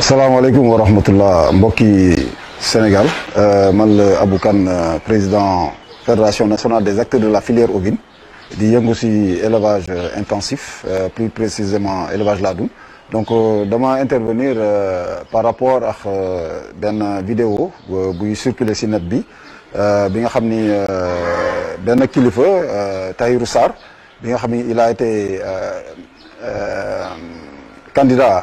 Salam aleykoum wa rahmatullah Mboki, Sénégal euh, man Mal Abou euh, président fédération nationale des acteurs de la filière ovine di a aussi élevage euh, intensif plus précisément élevage ladoum. donc vais intervenir par rapport à une vidéo qui circuler si net bi bi nga xam Ben benn kilifa Tahirou bi nga il a été candidat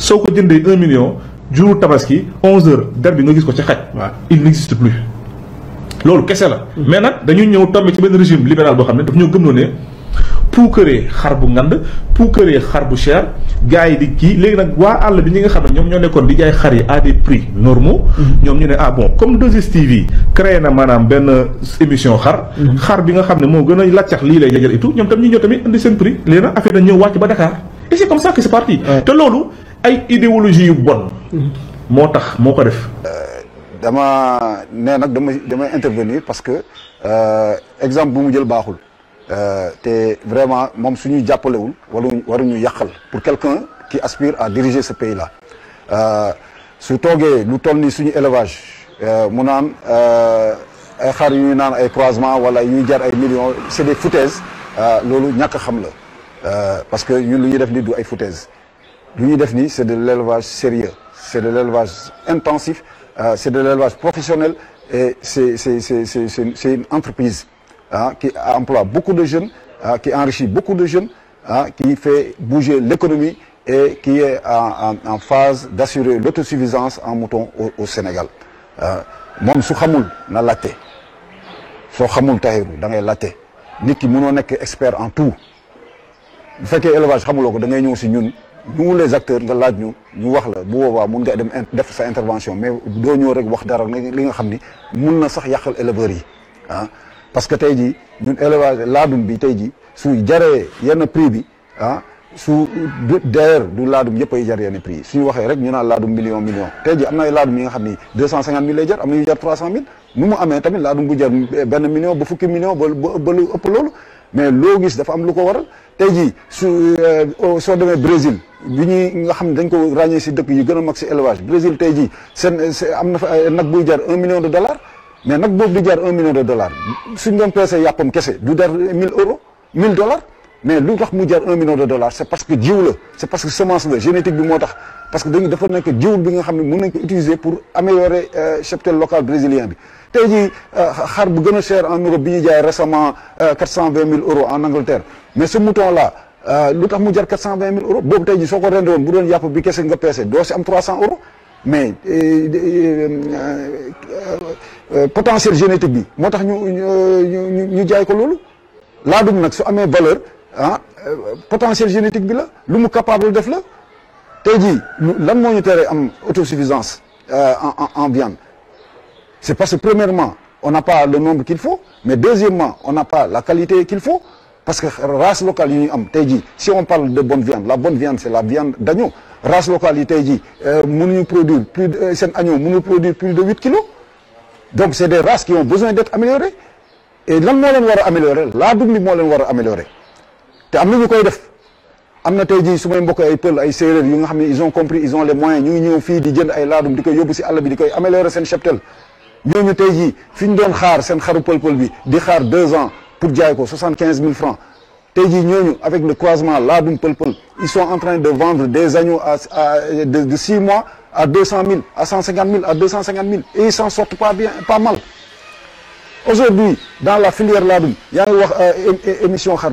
soko ko 1 million juru tabaski 11h der nga gis ko ci xaj il n'existe plus lolou kese la mm-hmm. mais nak dañu ñëw tomber ci ben régime libéral bo xamné daf ñu gëm ne puukaree xar bu ngand puukaree xar bu cher gaay di ki légui nak wa àll bi ñi nga xam ne ñoo nekkoon di jay xar yi à des prix normaux mm-hmm. ñom ñu né ah bon comme 2 tv créé na manam ben émission xar mm-hmm. xar bi nga xamné mo gëna laccax li lay jajal et tout ñom tam ñu ñëw tamit andi seen prix léegi nag affaire na wacc ba Dakar et c'est comme ça que c'est parti te lolou ay idéologie yu bonne mhm. motax moko def. Euh, dama né nak dama dama intervenir parce que euh, exemple bu mu jël euh té vraiment moom suñuy jàppalewul waruñu waruñu yakal pour quelqu'un qui aspire à diriger ce pays là euh, su togué lu toll suñu élevage mu euh ay xar yu nan ay croisement wala yu jar ay millions c'est des foutaises lolu ñaka xam la parce que ñun lu ñuy def ni du ay foutaises lui c'est de l'élevage sérieux c'est de l'élevage intensif euh, c'est de l'élevage professionnel et c'est c'est une entreprise hein, qui emploie beaucoup de jeunes hein, qui enrichit beaucoup de jeunes hein, qui fait bouger l'économie et qui est en, phase d'assurer l'autosuffisance en mouton au, au Sénégal euh, Moi su suis na expert en tout élevage nous les acteurs nga laaj ñu ñu wax la bu boobaa mun nga dem def sa intervention mais doo ñëw rek wax dara li nga xam ni mun na sax yàqal éleveurs yi ah parce que tey jii ñun élevage laadum bi tey jii su jaree yenn prix bi ah su d'ailleurs du laadum yëpp ay jar yenn prix yi suñu waxee rek ñu naan laadum million million tey jii am na ay laadum yi nga xam ni deux cent cinquante mille lay jar am na yu benn million ba fukki million ba lu ëpp loolu mais loo gis dafa am lu ko waral tey jii su euh, soo demee Brésil bi ñuy nga xam ne dañ ko ràññee si dëkk yi gën a mag si élevage Brésil tey jii seen am na fa euh, nag buy jar un million de dollars mais nag boobu di jar un million de dollars suñ doon peese yàppam kese du jar mille euros mille dollars Mais lui, il y a 1 million de dollars, c'est parce que Dieu, c'est parce que semence de génétique du Parce que nous avons que c'est bi nga xamni ko pour améliorer euh, cheptel local brésilien bi tay ji euh, xar bu gëna cher en Europe bi ñu récemment 420 euh, 000 euros en Angleterre mais ce mouton là euh, lutax mu jar 420 000 euros bobu tay ji soko bu doon yap bi nga do ci 300 euros mais le euh, potentiel génétique bi motax ñu ñu ñu jaay ko lolu la dum nak su valeur ah, euh, potentiel génétique bi la lu mu capable def la lan autosuffisance euh, en viande c'est parce que premièrement on n'a pas le nombre qu'il faut mais deuxièmement on n'a pas la qualité qu'il faut parce que race locale si on parle de bonne viande la bonne viande c'est la viande d'agneau race locale yi tey euh, mënuñu produire plus de 8 plus de 8 kg donc c'est des races qui ont besoin d'être améliorées et lan on leen wara améliorer la améliorer ils ont compris ils ont les moyens Ils ont di jënd ay di koy améliorer ont cheptel des ans pour ko francs T'es avec le croisement l'Adum Pulpul, ils sont en train de vendre des agneaux à de 6 mois à 200 000, à 150 000, à 250 000. et ils s'en sortent pas bien pas mal aujourd'hui dans la filière il y a une émission xar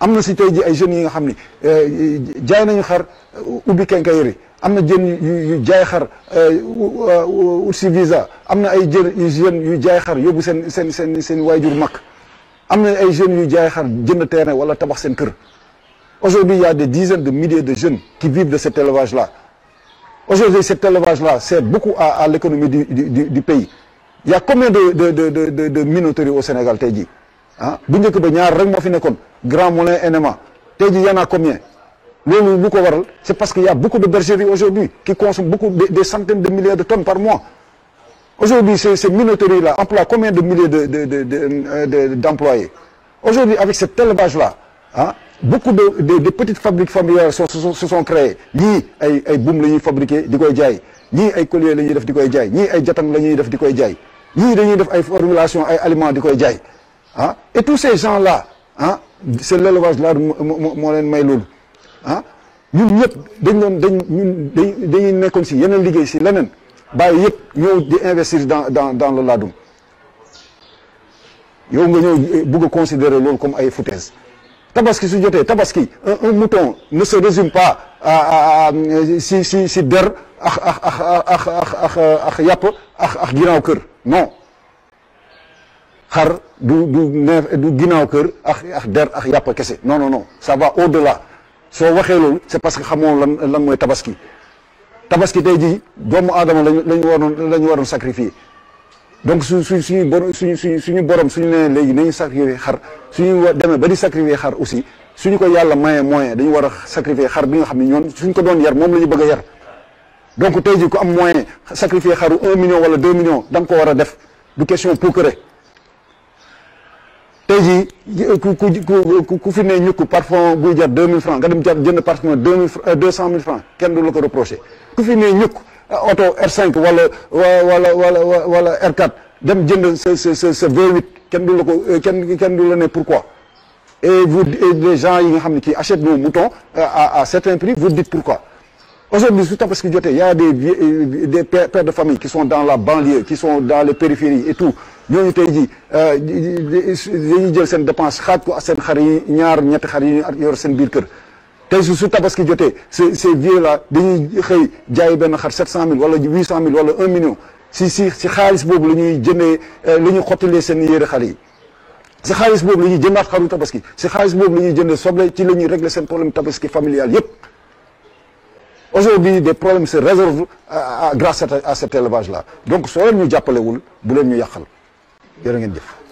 amna ci si ji ay jeunes yi nga xamni ni jaay nañu xar ubbi kenkayri am amna jën yu jaay xar euh ci visa amna ay jën yu jeunes jaay xar yobu sen sen sen sen waajur mak amna ay jeunes yu jaay xar jënd terrain wala tabax sen kër aujourd'hui il y a des dizaines de milliers de jeunes qui vivent de cet élevage là aujourd'hui cet élevage là c'est beaucoup à à l'économie du du du pays il y a combien de de de de de minoteries au Sénégal tey ah bu njëkk ba ñaar rek moo fi nekkoon Grand Moulin NMA tey jii y en a combien loolu lu ko waral c'est parce qu'il y a beaucoup de bergeries aujourd'hui qui consomment beaucoup de des centaines de milliers de tonnes par mois aujourd'hui ces ces minoteries là emploient combien de milliers de de de de d'employés aujourd'hui avec cet élevage là ah, beaucoup de de de petites fabriques familiales sont se sont sont créées Ni ay ay les la fabriquer di koy jaay ñii ay collier la def di koy jaay ay jatan la def di koy jaay dañuy def ay formulation ay aliments di koy Hein? et tous ces gens-là hein, c'est l'élevage là mo len may hein ñun ñep dañ dans le ladou yow nga eh, considérer comme ay foutaise tabaski tabaski un mouton ne se résume pas à si si si der ak ak ak ak ak ak ak ak non xar du du neef du ginnaaw kër ak ak der ak yàpp kese non non non ça va au-delà soo waxee loolu c'est parce que xamoo lan lan mooy tabaski tabaski tey jii doomu aadama lañu lañu waroon lañu waroon sacrifier donc su su suñu suñu suñu suñu borom suñu nee léegi nañu sacrifier xar suñu demee ba di sacrifier xar aussi suñu ko yàlla maye moyen dañu war a sacrifier xar bi nga xam ne ñoom suñ ko doon yar moom la ñu bëgg a yar donc tey jii ku am moyen sacrifier xaru un million wala deux millions da nga ko war a def du question pour il ku fi ne ñu parfum deux francs nga dem parfum deux mille francs kenn du la ko reproché ku fi ne euh, auto R5 ou wala R4 dem jënd sa sa sa ce V8 kenn du euh, pourquoi et vous et les gens qui achètent des moutons euh, à à certains prix vous dites pourquoi. Aujourd'hui, c'est parce qu'il y a des, des pères de famille qui sont dans la banlieue, qui sont dans les périphéries et tout. ñooñu tey jii euh, dañuy jël seen dépense xaaj ko seen xar yi ñaar ñetti xar yi ñu yor seen biir kër tey su su tabaski jotee ces ces vieux là dañuy xëy jaayi benn xar 700000 wala 800000 wala 1 million si si si xaalis boobu la ñuy jëndee euh, la ñuy xottalee seen yére xar yi. si xaalis boobu la ñuy jëndaat xaru tabaski si xaalis boobu la ñuy jëndee soble ci la ñuy régler seen problème tabaski familial yépp aujourd'hui de problèmes se résolvent grâce à cet élevage la donc soo leen ñu jàppalewul bu leen ñu yàqal. 여러 개입니